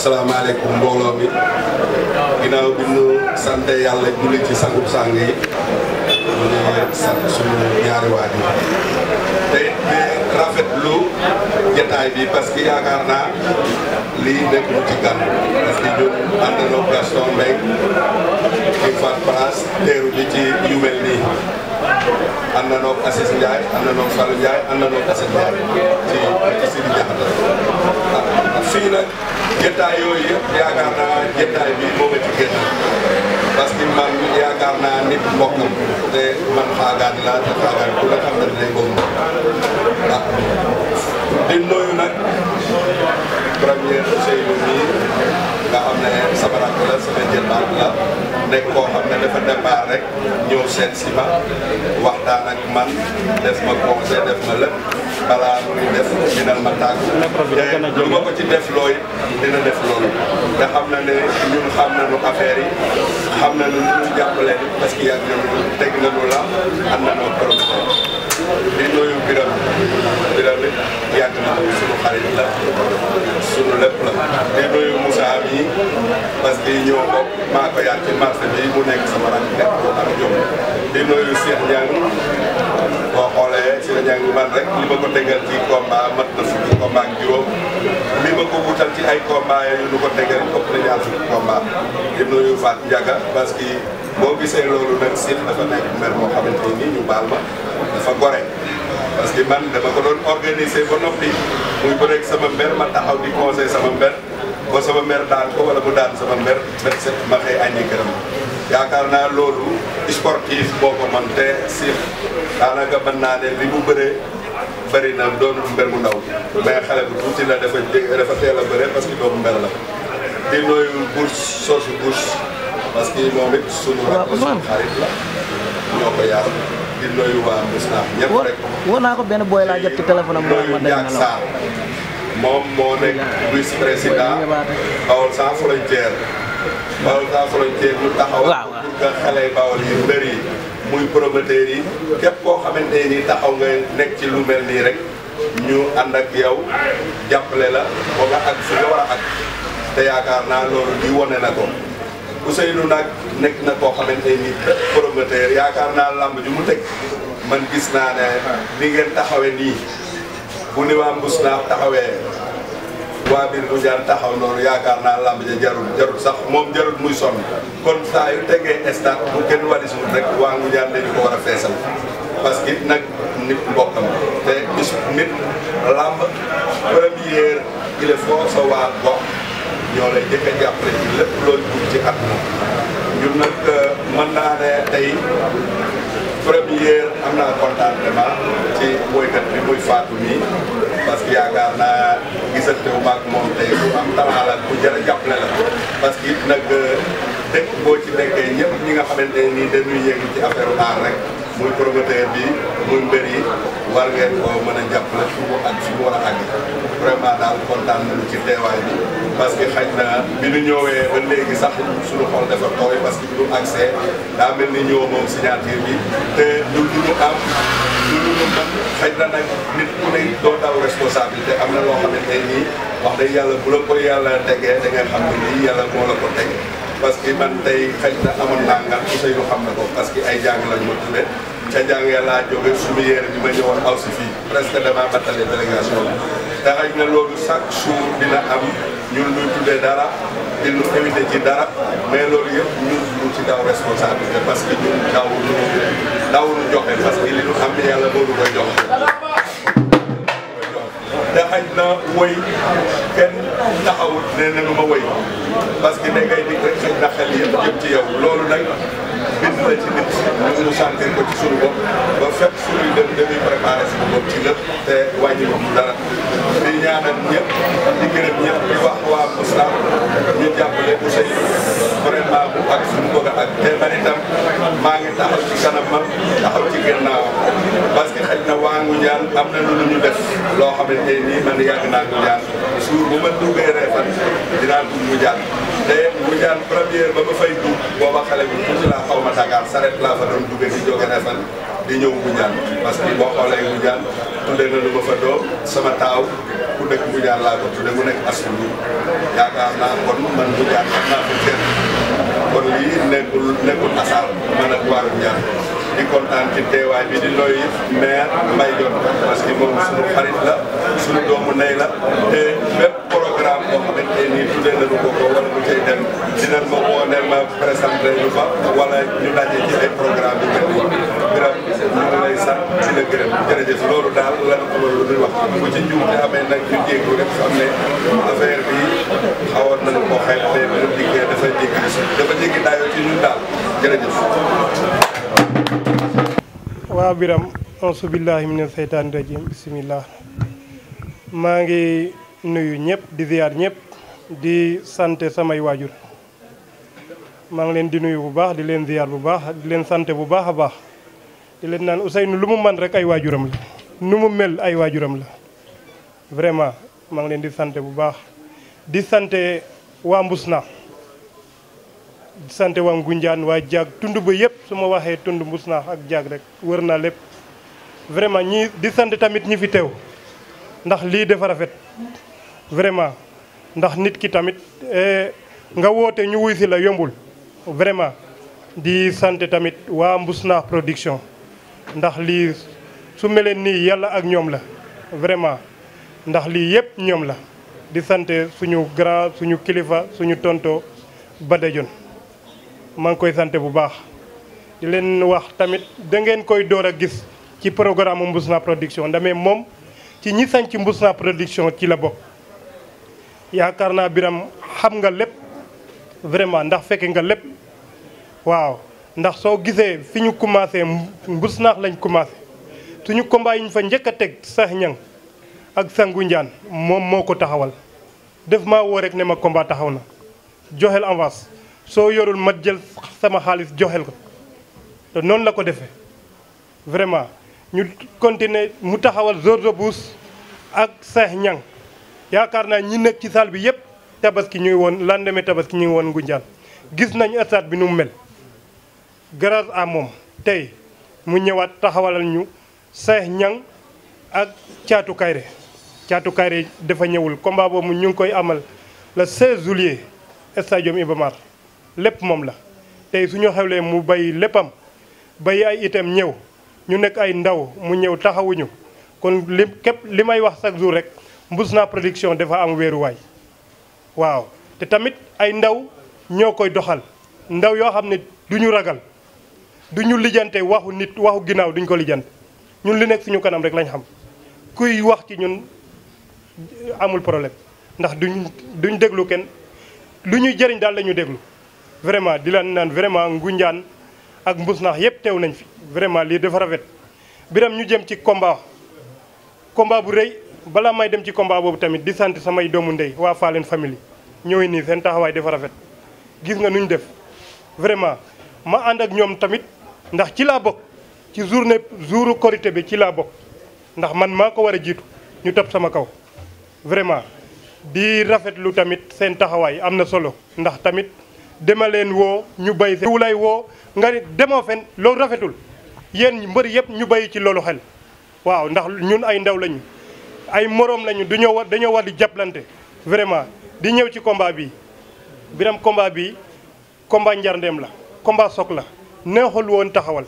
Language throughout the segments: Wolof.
asalaamaaleykum mbooloo mi ginnaaw bi ñu sant yàlla julli ci sangub sang yi ñaari waajur te di rafetlu jataay bi parce que yaakaar naa lii nekkul ci gan parce que ñun ànd na Gaston Mbengue ci Fat Place teeru bi ci yu mel nii noog Assis Ndiaye ànd na noog Fallou Ndiaye noog Assis Ndiaye ci ci Sidi ah, fii nag jotaay yooyu yëpp yaakaar naa bi moo ma ci gën parce que man yaakaar naa nit mbokkam te man xaagaan laa te xaagaan ku la xam ne dinañ ko di nuyu nag premier Ousseynou mii nga xam ne sama rakk la sama jëmbaat nekk koo xam ne dafa départ rek ñëw seen si ma waxtaan ak man def ma conseil def ma lépp balaa muy def dina ma tàggu te lu ma ko ci def looy dina def loolu te xam na ne ñun xam na affaire yi xam nañu nu ñu jàppale parce que yàgg nañu na nañu la am nañu promoteur di nuyu Birame leader bi yàgg na ko suñu xarit la suñu lépp la di nuyu Moussa parce que ñëw ko maa ko yàgg ci marché bi mu nekk sama rak nekk ko ak jom xoolee Cheikh Niang li ma ko tegal ci combat mat na fukki combat ak juróom li ma ko wutal ci ay combat yooyu lu ko tegal ëpp na ñaar fukki combat di nuyu parce que boo gisee loolu nag Cheikh dafa nekk mel moo xamante ni ñu baal ma dafa gore parce que man dama ko doon organiser ba noppi muy bëreeg sama mber ma taxaw di conseil sama mber ba sama mber daan ko wala mu daan sama mber ba set ma xëy aññi këram yaakaar naa loolu sportif boo ko man te si daanaka mën naa ne li mu bëree bëri na doonul mber mu ndaw mais xale bu tuuti la dafa dafa teel a bëre parce que doomu mber la di nooyu bourse soosu bourse parce que moom it suñu rakk suñu xarit la ñoo ko yar di nuyu waa Moussa ñëpp rek. woo naa ko benn booy laa jot ci téléphone am. ma day na la moom moo nekk vice président Bawol sans frontière. Bawol sans frontière ñu taxawal. waaw pour que xale yu Bawol yi mbër yi muy promoteur yi képp koo xamante ni taxaw nga nekk ci lu mel nii rek ñu ànd ak yow jàppale la ba nga ak fi war ak te yaakaar naa loolu di wane na ko. Ousseynou nag nekk na koo xamante ni promoteur yaakaar naa làmb ju mu teg man gis naa ne ni ngeen taxawee nii bu ni waa mbus naa taxawee waa biir bu jaan taxaw noonu yaakaar naa lamb ja jarul jarul sax moom jarul muy sonn kon saa yu tegee stade bu kenn warisul rek waa ngu jaan dañu ko war a feesal parce que nag nit mbokkam te bis nit lamb première il faut sa waa gox ñoo lay jëkk a jàppale ci lépp looy ci at moom ñun nag euh, mën naa ne tey première am naa contentement ci woykat bi muy Fatou mi parce que yaakaar naa gisante wu maag moom tey bu am talent la ku jar a jàppale la parce que it nag euh, dëkk boo ci nekk yëpp ñi nga xamante nii dañuy yëngu ci affaire aar rek muy promoteur bi muy mbër yi war ngeen koo mën a jàppale fu mu ak fu mu war a àgg vraiment daal kontaan nañu ci teewaay bi parce que xaj na bi ñu ñëwee ba léegi sax suñu xol dafa tooy parce que ñu accès daa mel ni ñëw moom signature bi te du ñu am du ñu man na nag ku ne doo daw responsabilité am na loo xamante nii wax dëgg yàlla bu la yàlla tegee da nga xam ne lii parce que man tey xaj na amoon naa ngar Ousseynou xam na ko parce que ay jàng lañ ma tuddee ca jàng laa jóge suñu yére bi ma ñëwoon aw si fii presque dama battale délégation bi te xaj na loolu chaque jour dina am ñu luy tuddee dara di lu ci dara mais loolu yëpp ñun ñu ci daw responsabilité parce que ñun daw daawuñu joxe parce que li ñu xam ne yàlla loolu koy jox. te xaj na woy kenn taxawut nee lu ma woy parce que ne ngay di xaj na xel yëpp ci yow loolu nag. bind na ci nit ñu mu sentir ko ci suñu bopp ba fépp suñuy dem dañuy préparé suñu bopp ci lépp te wàññi ko dara di ñaanal ñëpp di gërëm ñëpp di wax waa Mouslaam ñu jàppale Ousseynou vraiment bu ak suñu bëgg ak te man maa ngi taxaw ci kanamam am na lu ñu def loo xamante ni man yàgg naa ko jaar suur bu ma duggee reefan dinaa dugg mu jaar te mu jaar première ba ma fay dugg booba xale bi tuuti laa xaw ma Dakar saret laa fa doon duggee di jóge reefan di ñëw Ngoundiane parce que boo xoolee Ngoundiane tudde na lu ma fa doom sama taaw ku nekk Ngoundiane laa ko tudde mu nekk Asou yaakaar naa kon man Ngoundiane xam naa ko kontaan ci teewaay bi di looy maire Mbaye parce que moom suñu xarit la suñu doomu nay la te bépp programme boo xamante nii tuddee nañu ko ko wala bu cay dem dinañ ma woo ne ma présenté ñu fa jërëjëf loolu daal la ko loolu wax bu ci njuum te amee nag ñu jéego rek xam ne affaire bi na nañu ko xayma te mbirum liggéey dafa jéggi dafa jéggi daayoo ci ñun daal jërëjëf waa biram ausu billahi mina seytaani rajim bismillah maa ngi nuyu ñëpp di siyaar ñëpp di sante samay waajur maa ngi leen di nuyu bu baax di leen ziyaar bu baax di leen sant bu baax a baax di leen naan Ousseynou lu mu man rek ay waajuram la nu mu mel ay waajuram la vraiment maa ngi leen di sante bu baax di sante waa naa sant waa Ngunjaan waa jaag tund ba yëpp su ma waxee tund mbus naax ak jaag rek wër naa lépp vraiment ñi di sant tamit ñi fi tew ndax lii dafa rafet vraiment ndax nit ki tamit eh, nga woote ñu wuy si la yombul vraiment di sant tamit waa mbus naax production ndax lii su meleen nii yàlla ak ñoom la vraiment ndax lii yëpp ñoom la di sante suñu grand suñu kilifa suñu tonto Badajon maa ngi koy sante bu baax di leen wax tamit da ngeen koy door a gis ci programme Mbusna production ndamee moom ci ñi sañ ci Mbusna production ci la bokk yaakaar naa biram xam nga lépp vraiment ndax fekke nga lépp waaw ndax soo gisee fi ñu commencé Mbusnaax lañ commencé suñu combat yi ñu fa njëkk a teg sax ñan ak sangu moom moo ko taxawal def maa woo rek ne ma combat taxaw na joxel avance soo yorul ma jël sama xaalis joxel ko te noonu la ko defee vraiment ñu continuer mu taxawal George Bush ak Cheikh Niang yaakaar naa ñi nekk ci salle bi yëpp tabaski ñuy woon lendemain tabaski ñu ngi woon jaan gis nañu stade bi nu mu mel grâce à moom tey mu ñëwaat taxawalal ñu Cheikh Niang ak caatu Kairé Thiatou Kairé dafa ñëwul combat boobu ñu ngi koy amal le 16 juillet stadium Iba Mar lépp moom la tey su ñu xewlee mu bay léppam bay ay itam ñëw ñu nekk ay ndaw mu ñëw taxawuñu kon li képp li may wax chaque jour rek naa Production dafa am wéeruwaay waaw te tamit ay ndaw ñoo koy doxal ndaw yoo xam ne duñu ragal duñu lijjante waxu nit waxu ginnaaw duñ ko lijjante ñun li nekk suñu kanam rek lañ xam kuy wax ci ñun amul problème ndax duñ duñ déglu kenn lu ñuy jëriñ daal la ñu déglu vraiment di laan naan vraiment ngunjaan ak mbus naax yëpp teew nañ fi vraiment lii dafa rafet biram ñu jëm ci combat combat bu rëy balaa may dem ci combat boobu tamit di sant samay doomu ndey waa Fallène famille ñëwee nii seen taxawaay dafa rafet gis nga nu def vraiment ma ànd ak ñoom tamit ndax ci laa bokk ci journée jouru korité bi ci laa bokk ndax man maa ko war a jiitu ñu tab sama kaw vraiment di rafetlu tamit seen taxawaay am na solo ndax tamit dama leen woo ñu bay wu lay woo nga demoo fen loolu rafetul yéen mbër yëpp ñu bay ci loolu xel waaw ndax ñun ay ndaw lañu ay moroom lañu dañoo war dañoo war di jàppalante vraiment di ñëw ci combat bi biram combat bi combat njarndeem la combat soog la neexul woon taxawal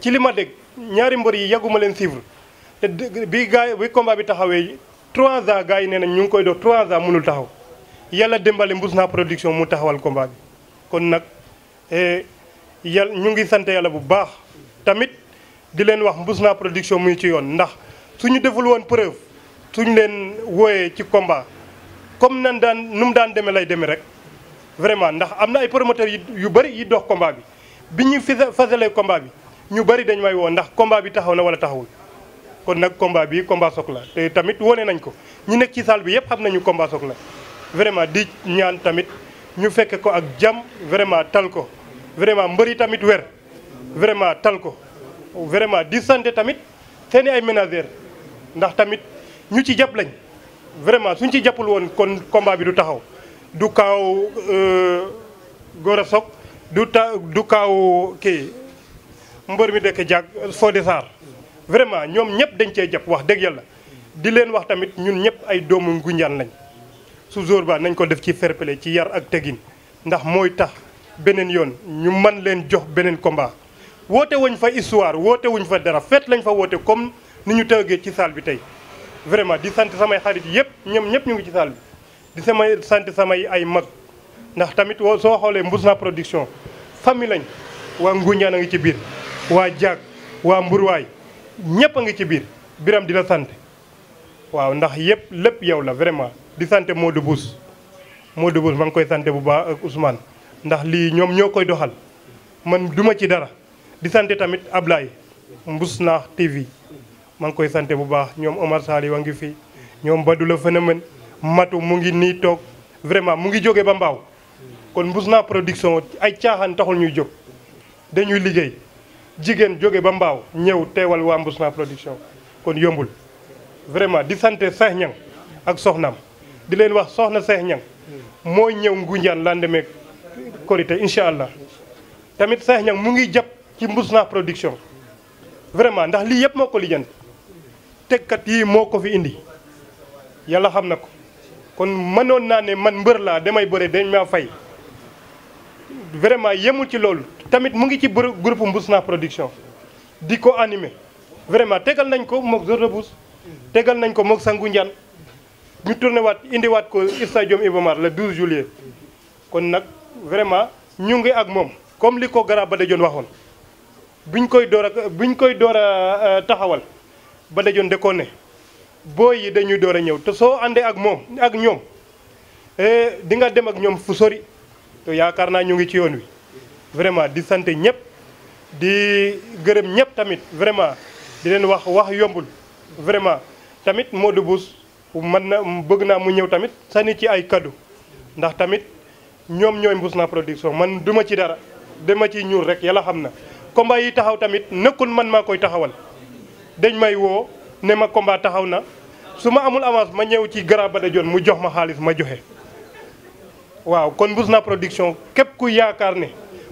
ci li ma dégg ñaari mbër yi yàgguma leen suivre te bi gars bi combat bi taxawee 3 ans gars yi nee nañ ñu ngi koy dox 3 ans mënul taxaw yàlla dimbale naa production mu taxawal combat bi kon nag eh, yàlla ñu ngi sant yàlla bu baax tamit di leen wax naa production muy ci yoon ndax suñu deful woon preuve suñu leen wooyee ci combat comme nan daan nu mu daan demee lay demee rek vraiment ndax am na ay promoteurs yu bëri yi dox combat bi bi ñuy fasalee combat bi ñu bëri dañ may woon ndax combat bi taxaw na wala taxawul kon nag combat bi combat Sokh la te tamit wone nañ ko ñu ne ci salle bi yëpp xam nañu combat la vraiment di ñaan tamit ñu fekke ko ak jàmm vraiment tal ko vraiment mbëri tamit wer vraiment tal ko vraiment di sant tamit seeni ay ménagères ndax tamit ñu ci jàpp lañ vraiment suñ ci jàppul woon kon combat bi du taxaw du kaaw euh, Gora Sock du ta du kaaw kii mbër mi dekk jàg de Sarr vraiment ñoom ñëpp dañ cee jàpp wax dëgg yàlla di leen wax tamit ñun ñëpp ay doomu Ngoundiane lañ su jour ba nañ ko def ci fair ci yar ak tegin ndax mooy tax beneen yoon ñu man leen jox beneen combat woote wuñ fa histoire woote wuñ fa dara feet lañ fa woote comme ni ñu tëggee ci saal bi tey vraiment di sant samay xarit yëpp ñoom ñëpp ñu ngi ci salle bi di samay sant samay ay mag ndax tamit woo soo xoolee naa production famille lañ waa Nguñaan a ngi ci biir waa Jaag waa mburuwaay ñëpp a ngi ci biir biram dina sant waaw ndax yëpp lépp yow la vraiment di moo Modou Bouss Modou Bouss ma ngi koy sant bu baax ak Ousmane ndax lii ñoom ñoo koy doxal man duma ci dara di sante tamit Ablaye Mbous Naax TV ma ngi koy sante bu baax ñoom Omar Sali wa ngi fi ñoom Badou la phénomène matu mu ngi nii toog vraiment mu ngi jóge ba mbaaw kon Mbous Naax production ay caaxaan taxul ñuy jóg dañuy liggéey jigéen jóge ba mbaaw ñëw teewal waa Mbous Naax production kon yombul vraiment di sante Cheikh Niang ak soxnaam di leen wax soxna Seex Ñang mooy ñëw Ngunjaan lendemain korité incha allah tamit Seex Ñang mu ngi jàpp ci Mbusnaa production vraiment ndax lii yëpp moo ko lijjant tegkat yii moo ko fi indi yàlla xam na ko kon mënoon naa ne man mbër laa damay bëre dañ maa fay vraiment yemul ci loolu tamit mu ngi ci groupe Mbusnaa production di ko animé vraiment tegal nañ ko mook Zor de tegal nañ ko mook Sangu Njaan ñu tourné waat indiwaat ko stadium Iba la le 12 kon nag vraiment ñu ngi ak moom comme li ko Gara Badajon waxoon buñ koy door a buñ koy door a euh, taxawal ba Badajon de ko ne booy yi dañuy door a ñëw te soo àndee ak moom ak ñoom eh, di nga dem ak ñoom fu sori te yaakaar naa ñu ngi ci yoon wi vraiment di sant ñëpp di gërëm ñëpp tamit vraiment di leen wax wax yombul vraiment tamit Modou Bouss man na bëgg naa mu ñëw tamit sànni ci ay kaddu ndax tamit ñoom ñooy naa production man duma ci dara dama ci ñuul rek yala xam na combat yi taxaw tamit nekkul man maa koy taxawal dañ may woo ne ma combat taxaw na su ma amul avance ma ñëw ci Grand Badajon mu jox ma xaalis ma joxe waaw kon naa production képp ku yaakaar ne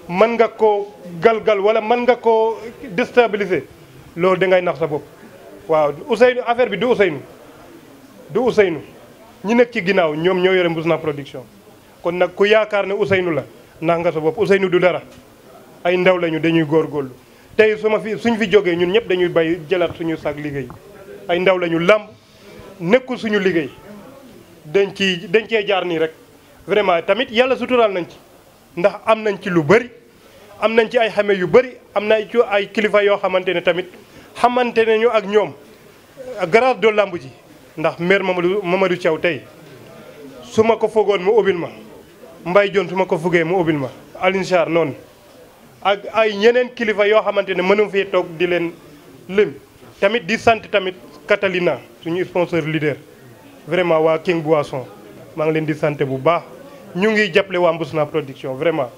man nga koo gal wala man nga koo déstabiliser loolu dangay nax sa bopp waaw Ousseynou affaire bi du Ousseynou du Ousseynou ñi nekk ci ginnaaw ñoom ñoo yore Mbousnakh production kon nag ku yaakaar ne Ousseynou la ndax nga sa bopp Ousseynou du dara ay ndaw lañu dañuy góor góorlu tey su ma fi suñ fi jógee ñun ñëpp dañuy bay jëlaat suñu saag liggéey ay ndaw lañu làmb nekkul suñu liggéey dañ ci dañ cee jaar nii rek vraiment tamit yàlla suturaal nañ ci ndax am nañ ci lu bëri am nañ ci ay xame yu bëri am na ci ay kilifa yoo xamante ne tamit xamante nañu ak ñoom grâce de làmb ji ndax ma Mamadou Mamadou Thiaw tey su ma ko foogoon mu ubbil ma Mbaye Dione su ma ko foogee mu ubbil ma Alioune noonu ak ay ñeneen kilifa yoo xamante ne mënu fee toog di leen lim tamit di sant tamit Catalina suñu sponsor leader vraiment waa King Boisson maa ngi leen di sante bu baax ñu ngi jàppale waa Mbusna production vraiment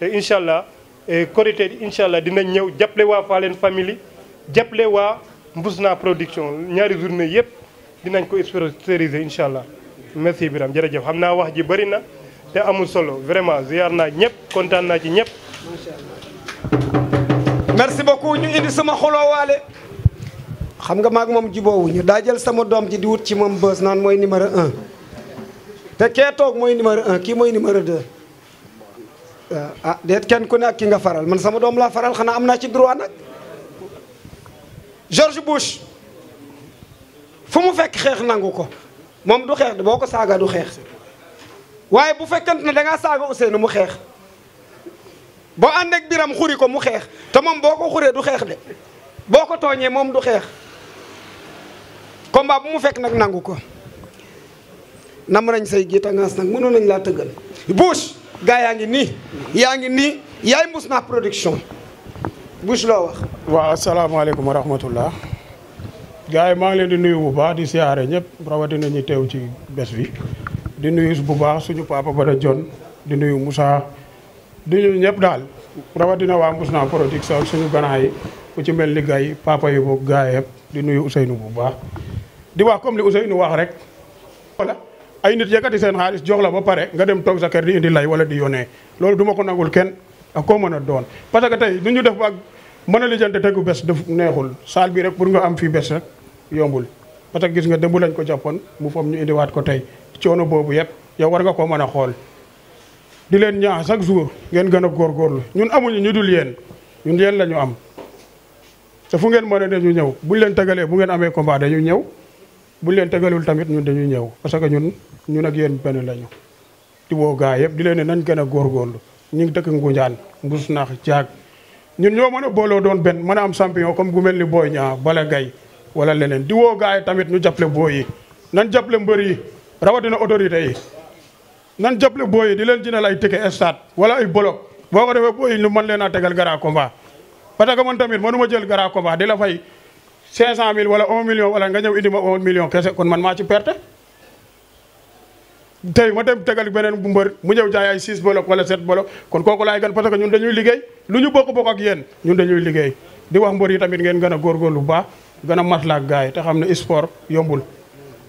te incha allah korité incha allah dinañ ñëw jàppale waa Fallène famille jàppale waa naa production ñaari journée yëpp dinañ ko sponsoriser incha allah merci biram jërëjëf xam naa wax ji bëri na te amul solo vraiment ziar naa ñëpp kontaan naa ci ñëpp. merci beaucoup ñu indi sama xoloowaale xam nga maak moom jubóowuñu ñu daajal sama doom ji di wut ci moom bës naan mooy numéro un te kee toog mooy numéro un kii mooy numéro deux ah, ah déet kenn ku ne ak ki nga faral man sama doom laa faral xanaa am naa ci droit nag George Bush. fu mu fekk xeex nangu ko moom du xeex boo ko saaga du xeex waaye bu fekkent ne da ngaa saaga Ousseynou mu xeex boo ànd ak biram xuri ko mu xeex te moom boo ko xuree du xeex de boo ko tooñee moom du xeex combat bu mu fekk nag nangu ko nam rañ say gitangaas nag mënoon nañ laa tëggal Bush gaa yaa ngi nii yaa ngi nii yaay mbuus naa production Bush loo wax waaw asalaamaaleykum wa rahmatullah gars yi maa ngi leen di nuyu bu baax di siyaare ñëpp rawatina ñu teew ci bés bi di nuyu bu baax suñu papa Bada John di nuyu Moussa di nuyu ñëpp daal rawatina waa Mbousnakh Production suñu gannaay yi ku ci mel ni gay papa yi boog gars yi yëpp di nuyu Ousseynou bu baax. di wax comme li nu wax rek wala ay nit yëkkati seen xaalis jox la ba pare nga dem toog sa kër di indi lay wala di yónnee loolu duma ko nagul kenn ak koo mën a doon parce tey du ñu def mën a lijjante tegu bés daf neexul saal bi rek pour nga am fii bés rek yombul parce que gis nga démb lañ ko jàppoon mu foom ñu indiwaat ko tey coono boobu yëpp yow war nga koo mën a xool di leen ñaax chaque jour ngeen gën a góorgóorlu ñun amuñu ñu dul yéen ñun yéen la ñu am te ngeen mën a ñu ñëw buñ leen tegalee bu ngeen amee ko combat dañu ñëw buñ leen tegalul tamit ñun dañuy ñëw parce que ñun ñun ak yéen benn lañu di woo gaa yëpp di leen ne nañ gën a góorgóorlu ñu ngi dëkk Ngunjaan Mbus naax Jaag ñun ñoo mën a booloo doon benn mën a am champion comme gu mel ni Boy Niang Balla gay wala leneen di woo gars tamit ñu jàppale booy yi nan jable mbër yi rawatina autorité yi nan jàppale booy yi di leen jëndal ay ticket stade wala ay bloc boo ko defee booy yi ñu mën leen a tegal gara combat parce que man tamit mënuma jël gara combat di la fay mil wala 1 million wala nga ñëw indi ma on million kese kon man maa ci perte. tey ma dem tegal beneen bu mbër mu ñëw jaay ay 6 bolok wala 7 bolok kon kooku laay gën parce que ñun dañuy liggéey lu ñu bokk bokk ak yéen ñun dañuy liggéey di wax mbër yi tamit ngeen gën a góorgóorlu bu baax gën a matlaak gars yi te xam ne sport yombul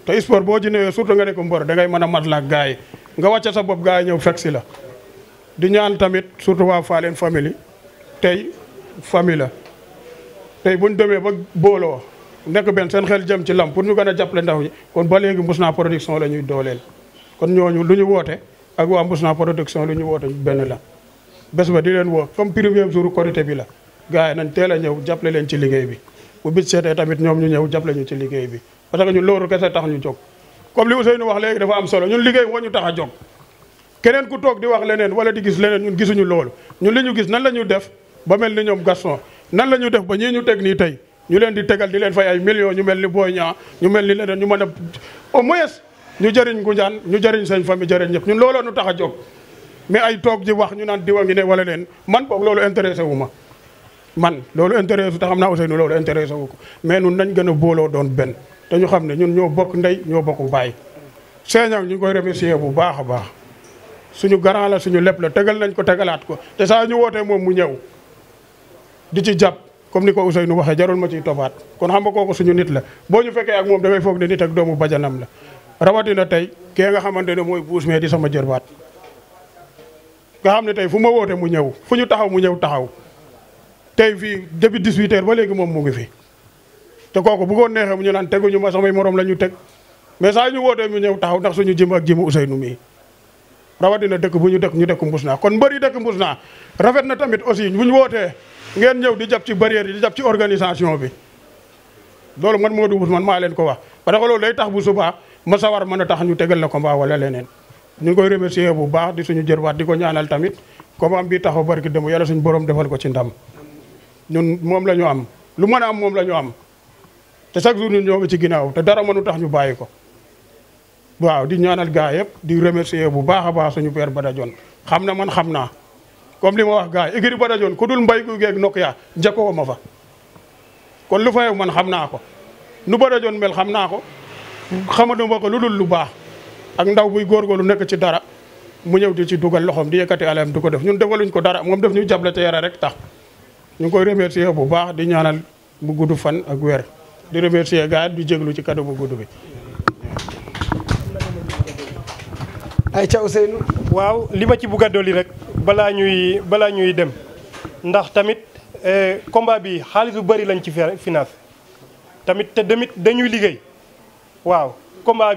te sport boo ci ñëwee surtout nga ne ko mbër da ngay mën a matlaak gars yi nga wàcce sa bopp gars yi ñëw fekk si la di ñaan tamit surtout waa Fallène famille tey famille la tey ñu demee ba booloo nekk benn seen xel jëm ci lam ñu gën a jàppale ndaw ñi kon ba léegi Mbour Production la ñuy dooleel kon ñooñu lu ñu woote ak waa Mbousnakh production lu ñu woote benn la bes ba di leen woo comme premier jour korité bi la gars yi nañ teel a ñëw jàppale leen ci liggéey bi bu bit seetee tamit ñoom ñu ñëw jàppale ñu ci liggéey bi parce que ñun loolu kese tax ñu jóg comme li Ousseynou wax léegi dafa am solo ñun liggéey moo ñu tax a jóg keneen ku toog di wax leneen wala di gis leneen ñun gisuñu loolu ñun li ñu gis nan la ñu def ba mel ni ñoom Gaston nan la ñu def ba ñii ñu teg nii tey ñu leen di tegal di leen fay ay million ñu mel ni booy ñaa ñu mel ni leneen ñu mën a au moins ñu jëriñ Ngoundiane ñu jariñ seen famille jëriñ ñëpp ñun looloo nu tax a jog mais ay toog ji wax ñu naan diwa ngi ne wala leen man boog loolu intéressé wu ma man loolu intéressé te xam naa Ousseynou loolu intéressé wu ko mais nun nañ gën a booloo doon benn te ñu xam ne ñun ñoo bokk ndey ñoo bokk baay seeñag ñu ngi koy remercier bu baax a baax suñu garant la suñu lépp la tegal nañ ko tegalaat ko te saa ñu wootee moom mu ñëw di ci jàpp comme ni ko Ousseynou waxee jarul ma ciy tobaat kon xam nga kooku suñu nit la boo ñu fekkee ak moom da ngay foog ne nit ak doomu la rawatina tey kee nga xamante ne mooy buus mais di sama jërbaat nga xam ne tey fu ma woote mu ñëw fu ñu taxaw mu ñëw taxaw tey fii depuis 18 heures ba léegi moom mu ngi fi te kooku bu ko neexee mu ñu naan teguñu ma samay moroom la ñu teg mais saa ñu wootee mu ñëw taxaw ndax ñu jim ak jëmu Ousseynou mii rawatina dëkk bu ñu dëkk ñu dëkk mbuus naa kon mbëri dëkk mbus naa rafet na tamit aussi bu ñu wootee ngeen ñëw di jàpp ci barrière yi di jàpp ci organisation bi loolu man Modou Ousmane maa leen ko wax parce que loolu tax bu subaa ma sawar mën a tax ñu tegal la combat wala leneen ñu ngi koy remercier bu baax di suñu jërwaat di ko ñaanal tamit combat bi taxaw barki dem yàlla suñu borom defal ko ci ndam ñun moom la ñu am lu mën a am moom la am te chaque jour ñun ñoo ci ginnaaw te dara mënu tax ñu bàyyi ko waaw di ñaanal gars yëpp di remercier bu baax a baax suñu père Badajon xam na man xam naa comme li ma wax gaa yi écurie Badajon ku dul mbay gu geeg nokk yaa njëkkoo ma fa kon lu fayew xam naa ko nu Badajon mel xam naa ko xamaluma ko lu dul lu baax ak ndaw buy lu nekk ci dara mu ñëw di ci dugal loxoom di yëkkati alam du ko def ñun defaluñ ko dara moom def ñu jàppale te yara rek tax ñu ngi koy remercier bu baax di ñaanal bu gudd fan ak weer di remercier gars di jéglu ci cadeau bu gudd bi. ay ca Ousseynou waaw li ci bugg dolli rek balaa ñuy balaa ñuy dem ndax tamit komba eh, bi xaalis bu bëri lañ ci finance tamit te tamit dañuy liggéey. waaw combat